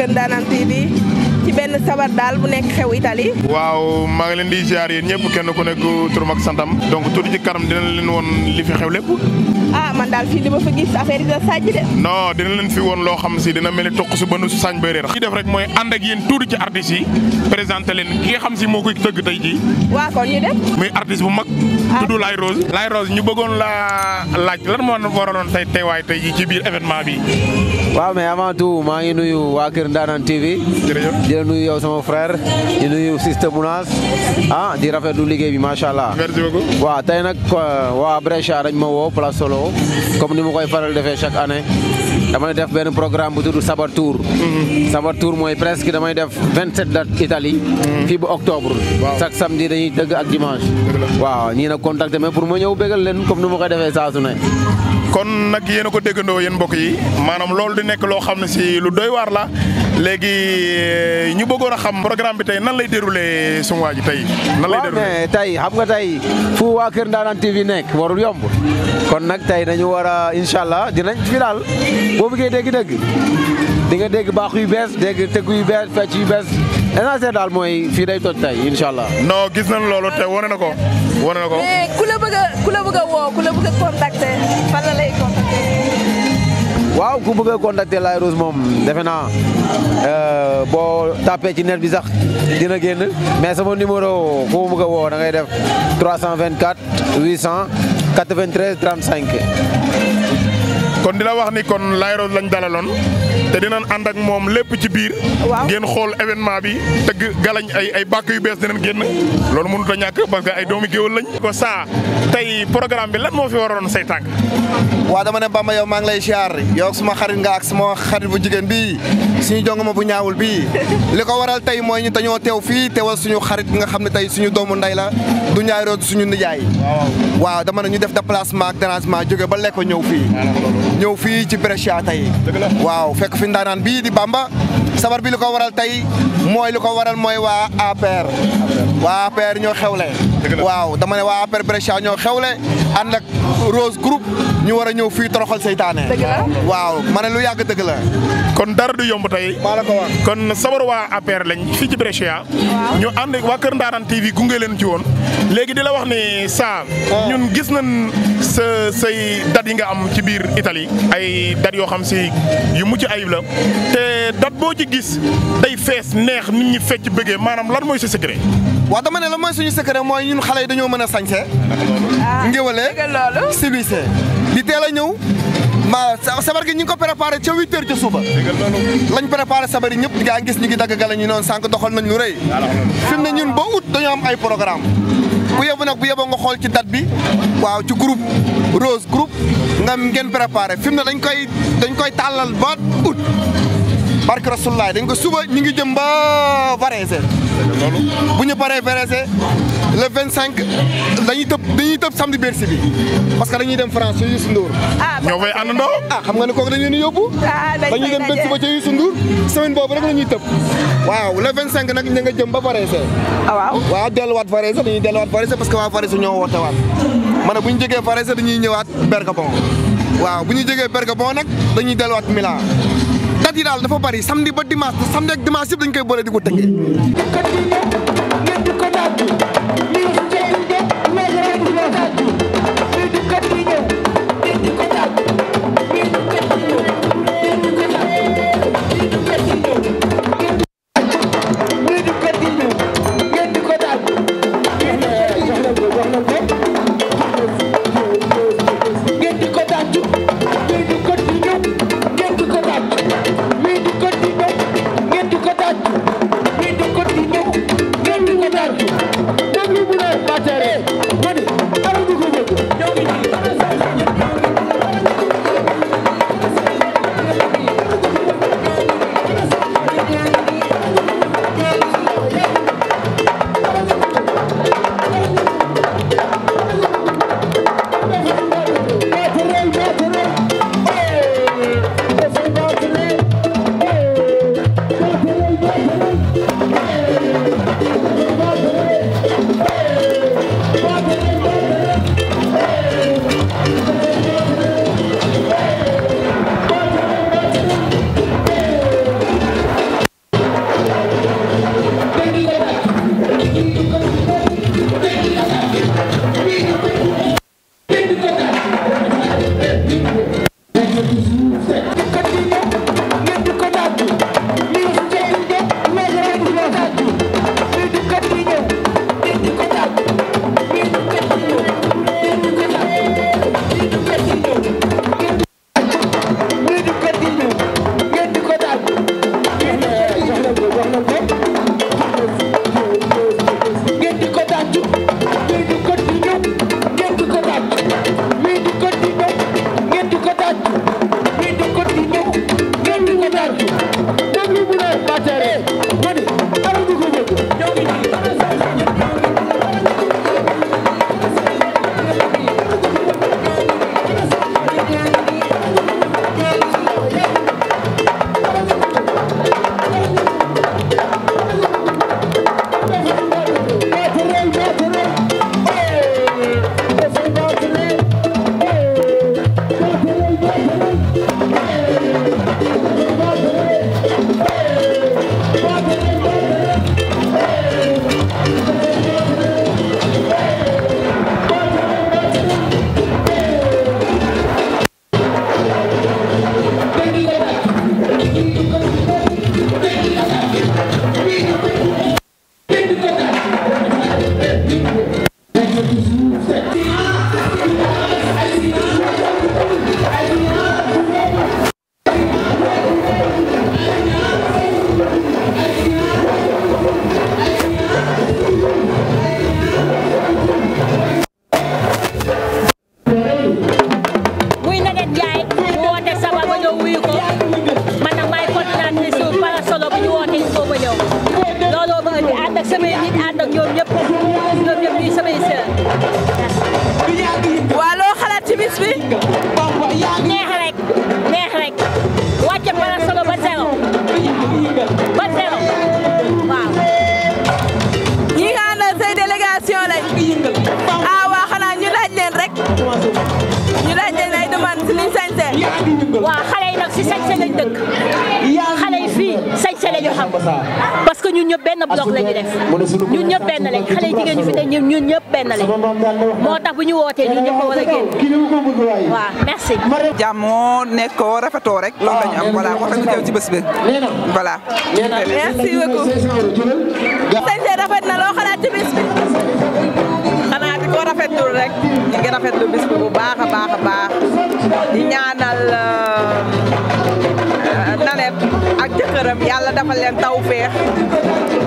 Kër Ndanaan TV ci benn sabar daal bu nekk xew Italie. waaw maa ngi leen di jaar yéen ñëpp kenn ku nekk turam ak santam donc tuuti ci kanam dinañ leen woon li fi xew lépp. ah man daal fii li ma fa gis affaire yi da sàcc de. non dina leen fi woon loo xam si dina mel ni toq su bënn su sàñ bay réer. li def rek mooy ànd ak yéen tuuti ci artistes yi présenté leen ki nga xam si moo koy tëgg tey jii. waaw kon ñu def. muy artiste bu mag. ah tudd Laye Rose. Laye Rose ñu bëggoon laa laaj lan moo waraloon tey teewaay tey jii ci biir événement bi. waaw mais avant tout maa ngi nuyu waa Kër Ndanane TV. jërëjëf di nuyu yow sama frère. di nuyu Système Mounas ah di rafetlu liggéey bi macha allah. merci tey nag euh, waa Brescia dañ ma woo place Solo comme ni ma koy faral defee chaque année. damay def benn programme bu tudd Sabar Tour. Mhm. Sabar Tour mooy presque damay def 27 dates Italie. Mhm. fii ba octobre. chaque samedi dañuy dëgg ak dimanche. waa ñii nag contacté mais pour ma ñëw bégal leen comme ni ma koy defee saa kon nag yéen a ko déggandoo yéen mbokk yi maanaam loolu di nekk loo xam ne si lu doy waar la léegi euh, ñu bëggoon a xam programme bi tey nan lay déroulé suñu waa ji tey. nan lay déroulé waaw xam nga tey fu waa Kër Ndanaan TV nekk warul yomb kon nag tey dañu war a incha allah dinañ fi daal boo bëggee dégg-dégg di nga dégg baax yu bees dégg tëgg yu bees fecc yu bees. essentiel daal mooy fii day toj tey incha allah. non gis nañ loolu te wane na ko. wane na ko mais ku la bëgg a la woo ku la bëgg a contacter lay contacter. waaw ku bëgg a contacter Rose moom defe naa euh, boo tapé ci net bi sax dina génn mais sama numéro ku bëgg a woo da ngay def 324 800 93 35. kon di la wax ni kon Laye Rose lañ dalaloon. te dinañ ànd ak moom lépp ci biir. ngeen xool événement bi tëgg galañ ay ay yu bees dinañ génn loolu mënut a ñàkk parce que ay doomu géwël lañ. ko saa tey programme bi lan moo fi waroon say tànk. waaw dama ne Bamba yow maa ngi lay ziar yow suma xarit nga ak suma xarit bu jigéen bii suñu jongo ma ñaawul bii li ko waral tey mooy ñu dañoo teew fii teewal suñu xarit bi nga xam ne tey suñu doomu ndey la du ñaay root suñu nijaay. waaw dama ne ñu def déplacement ak dérangement jóge ba lekk ñëw fii. ñëw fii ci Brescia tey. waaw fekk fi ndaanaan bii di Bamba sabar bi lu ko waral tey mooy lu ko waral mooy waa APR. waa APR ñoo xew xewle. waaw dama ne waa APR Brescia ñoo xewle ànd ak Rose Group ñu war a ñëw fii toroxal seytaane. waaw ma ne lu yàgg dëgg la. kon dara du yomb tey. maa la ko wax kon sabar waa APR lañ fii ci Brescia. ñu ànd waa Kër Ndaaraan TV gunge leen ci woon. léegi di la wax ni saa. Ah. ñun gis nañ sa say dat yi nga am ci biir Italie. ay dat yoo xam si yu mucc ayib la te dat boo ci gis day fees neex nit ñi fecc bëggee maanaam lan mooy sa secret. waaw dama ne lan mooy suñu secret mooy ñun xale yi dañoo mën a sañse. Ah, ngéwale silisee di teel a ñëw ma sabar gi ñu ngi ko préparé ca huit heures ca suba. lañ préparé sabar yi ñëpp gaa gis ñu ngi dagg gala ñu noonu sànq doxal nañ lu rëy. fi ne ñun boo août dañoo am ay programme bu yóbbu nag bu yóbbu nga xool ci date bi waaw ci groupe Rose groupe nga ngeen préparé fi mu ne dañ koy dañ tàllal ba août. barke Rasulullah dañ ko suba ñu ngi jëm ba Varese loolu bu ñu paree Varese le 25 cinq tëb dañuy tëb samedi Bercy bi parce que dañuy dem France ci Youssou Ndour. ah ñoo fay àndandoo. ah xam nga ne kooku dañu leen di yóbbu. Ah, dañuy dem Bercy ba ca Youssou Ndour semaine boobu rek la ñuy tëb. waaw le 25 nag ñu nga jëm ba Varese. ah waaw waaw delluwaat Varese dañuy delluwaat Varese parce que waa Varese ñoo woote waat ma ne bu ñu jógee Varese dañuy ñëwaat Bergamo waaw bu ñu jógee Bergamo nag dañuy delluwaat Milan. date yi daal dafa bari samedi ba dimanche samedi ak ko tëggee parce que ñun ñëpp benn bloc la ñu def ñun ñëpp benn lañ xale yi jigéen ñu fi te ñun ñëpp benn lañ moo tax ñu wootee ñun ñëpp war a génn merci. jàmmoo nekkoo rafetoo rek loolu la ñu am voilà wax nañu teew ci bés bi voilà. merci beaucoup. sëñ rafet na loo xalaat ci bés bi xanaa di ko rafetlu rek di nga rafetlu bés leen tawféex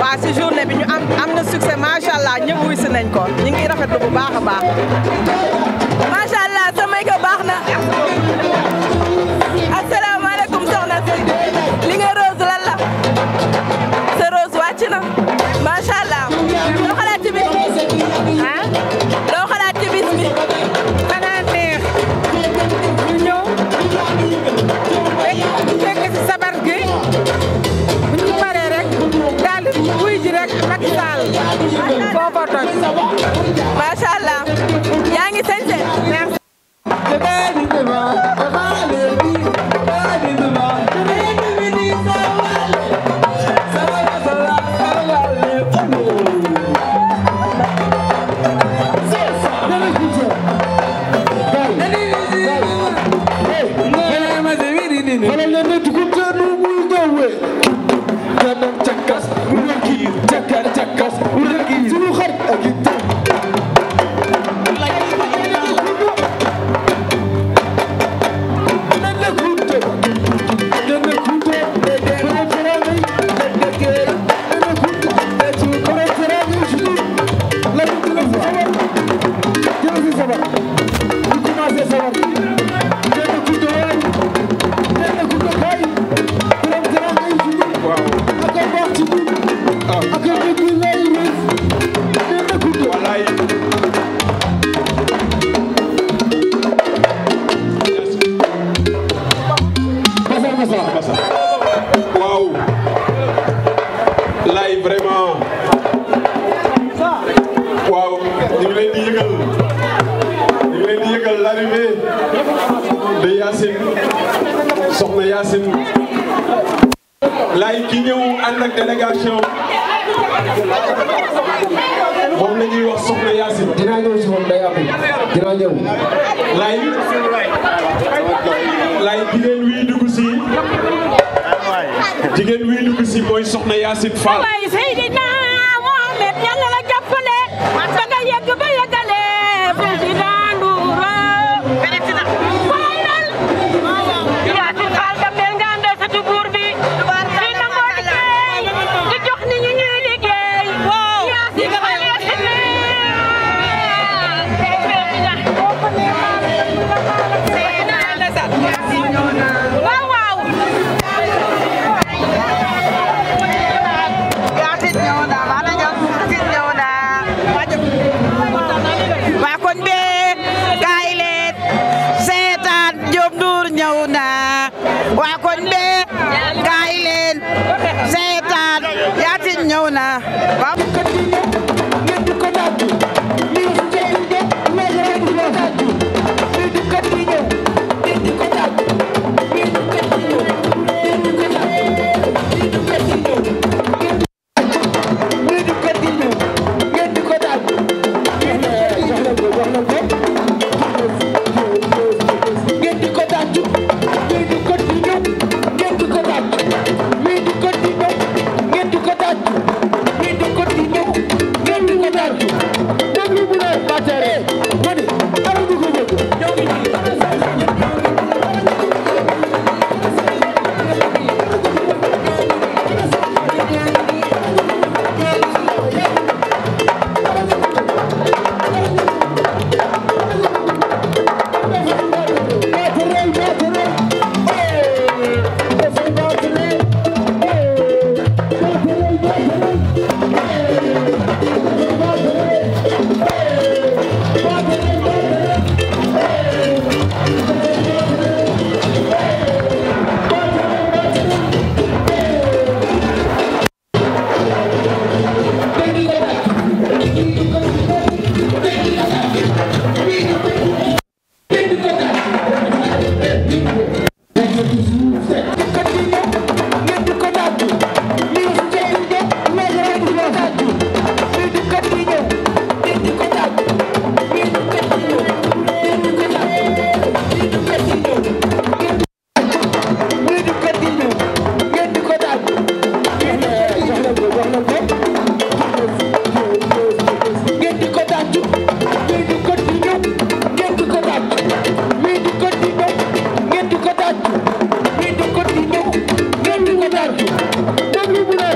waa si journée bi ñu am na succès macha allah ñëpp wuy nañ ko ñu ngi rafetlu bu baax a baax. macha allah samay ko baax na. foo ko toj macha allah délégation moom la ñuy wax soxna Yacine. dinaa ñëw si moom day am dinaa ñëw. lay lay jigéen wii dugg si jigéen wii dugg si mooy soxna Yacine Fall. tàccu. nit di ko déglu. ñoom di ko tàccu. déglu bu ne.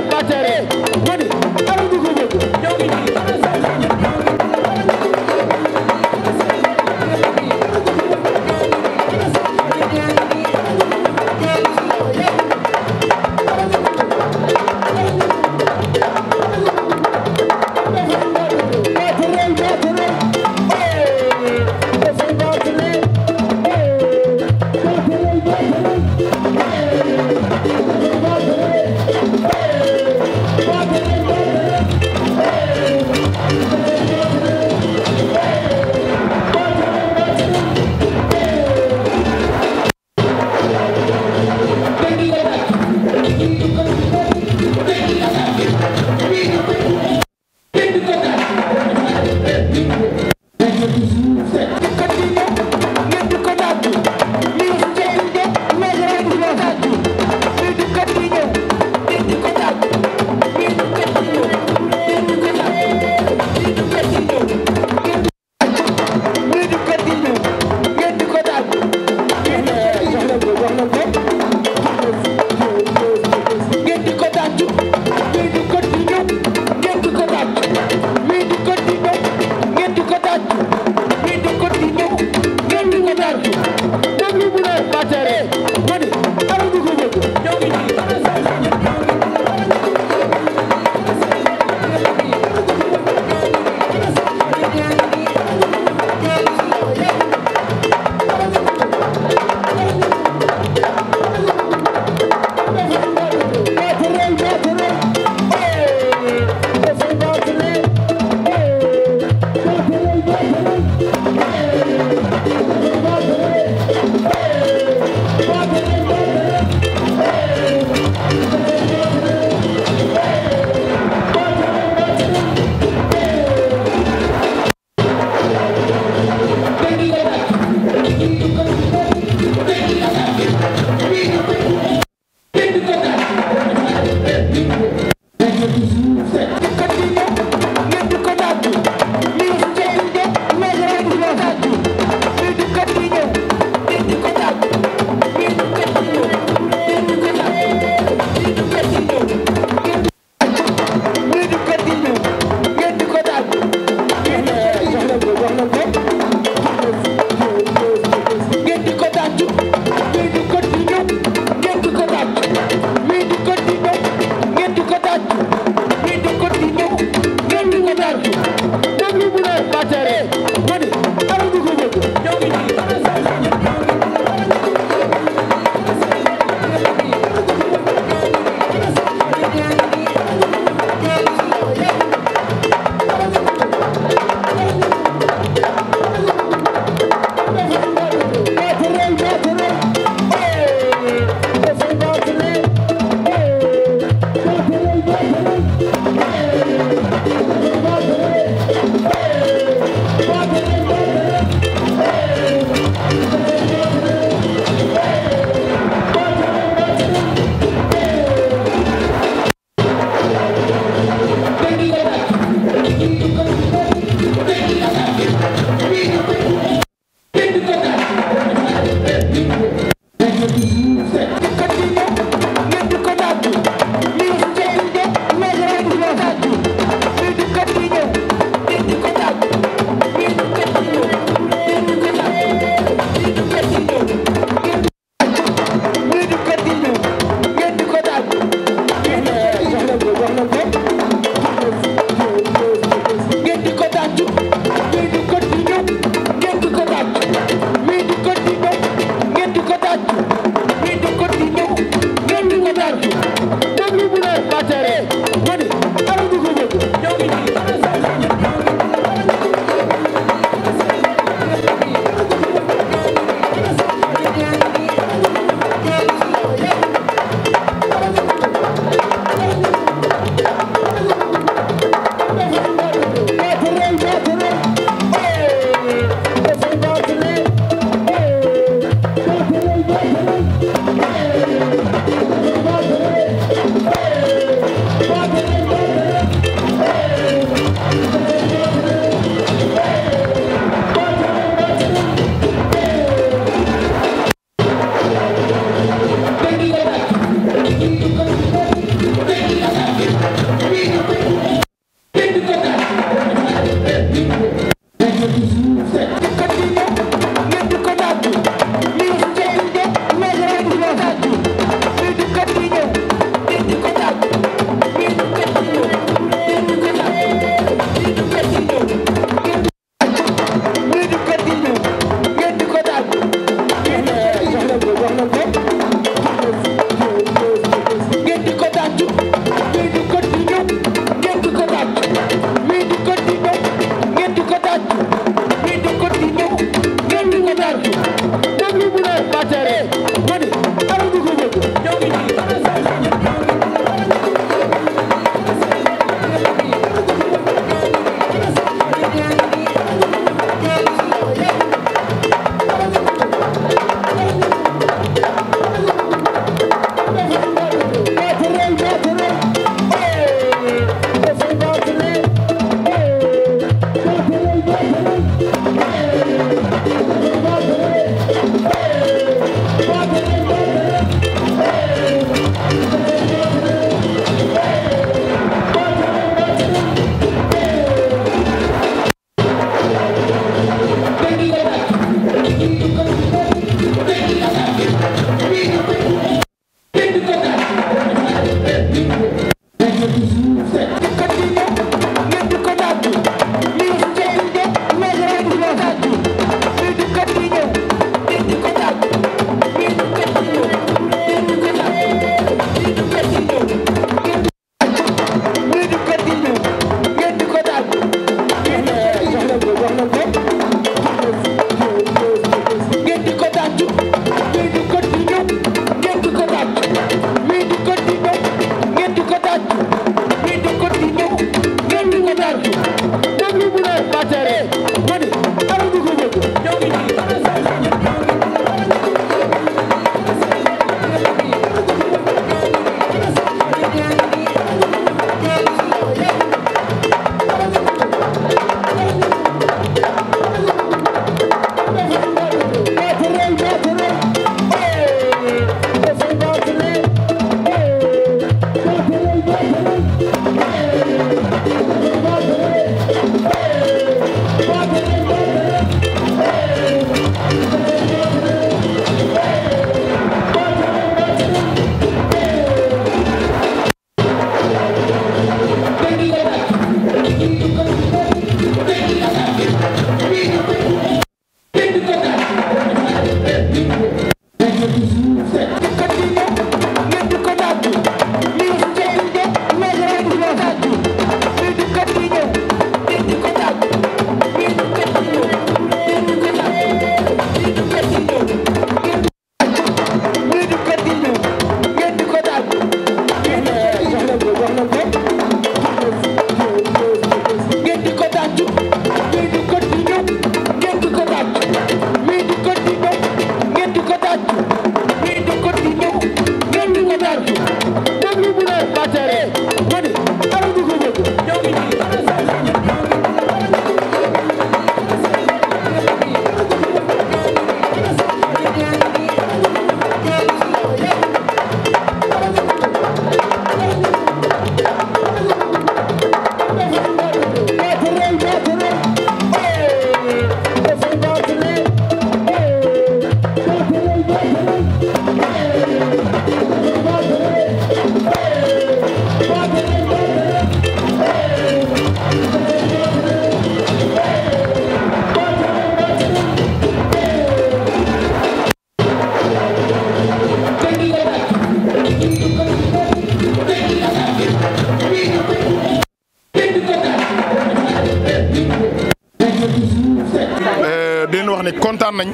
nañ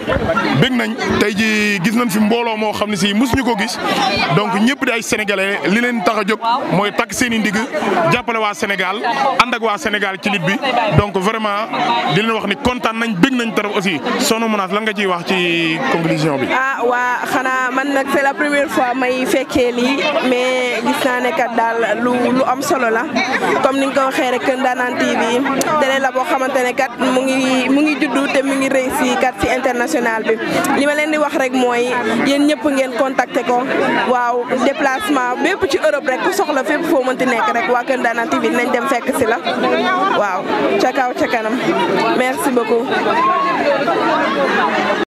bég nañ tey jii nañ fi mbooloo moo xam ne si mosuñu ko gis donc ñëpp di ay sénégalais li leen tax a jóg mooy takk seen ndigg jàppale waa Sénégal ànd waa Sénégal ci lit bi donc vraiment di leen wax ni kontaan nañ bëgg nañ trop aussi Soxna Mounass lan nga ciy wax ci conclusion bi. ah waa xanaa man nag c'est la première fois may fekkee lii mais gis naa ne daal lu lu solo la comme ni nga ko waxee rek Ndanane TV télé la boo xamante ne kat mu ngi mu ngi juddu te mu ngi réussi kat ci international bi li ma leen di yéen ñëpp ngeen contacté ko waaw déplacement bépp ci Europe rek soxla fépp foo mënti nekk rek waa Kër Ndanane TV nañ dem fekk si la waaw ca kaw ca kanam merci beaucoup